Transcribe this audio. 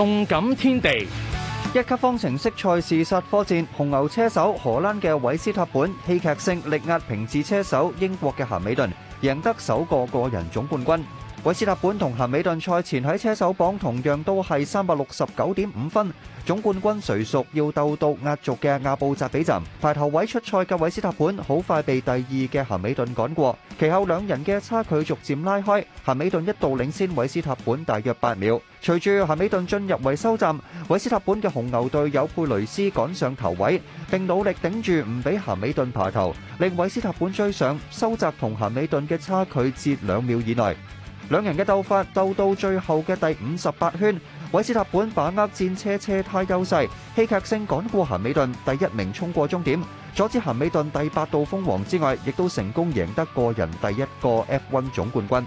動感天地，一級方程式賽事煞科戰，紅牛車手荷蘭嘅韋斯塔本戲劇性力壓平治車手英國嘅咸美頓，贏得首個個人總冠軍。韋斯塔本同咸美頓賽前喺車手榜同樣都係三百六十九點五分，總冠軍誰屬要鬥到壓軸嘅阿布扎比站。排頭位出賽嘅韋斯塔本好快被第二嘅咸美頓趕過，其後兩人嘅差距逐漸拉開。咸美頓一度領先韋斯塔本大約八秒，隨住咸美頓進入維修站，韋斯塔本嘅紅牛隊友佩雷斯趕上頭位，並努力頂住唔俾咸美頓爬頭，令韋斯塔本追上，收窄同咸美頓嘅差距至兩秒以內。兩人嘅鬥法鬥到最後嘅第五十八圈，韋斯塔本把握戰車車胎優勢，戲劇性趕過咸美頓第一名衝過終點，阻止咸美頓第八度封王之外，亦都成功贏得個人第一個 F1 總冠軍。